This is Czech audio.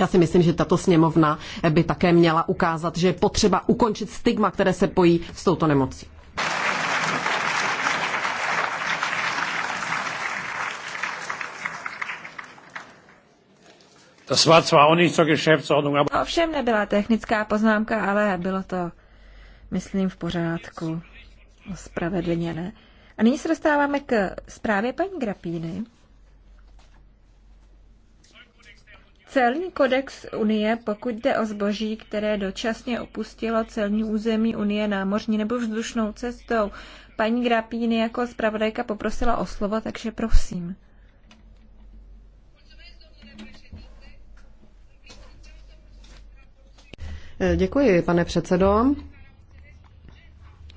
Já si myslím, že tato sněmovna by také měla ukázat, že je potřeba ukončit stigma, které se pojí s touto nemocí. Das Ovšem nebyla technická poznámka, ale bylo to, myslím, v pořádku. Spravedlně, ne? A nyní se dostáváme k zprávě paní Grapíny. Celní kodex Unie, pokud jde o zboží, které dočasně opustilo celní území Unie námořní nebo vzdušnou cestou, paní Grapíny jako zpravodajka poprosila o slovo, takže prosím. Děkuji, pane předsedo.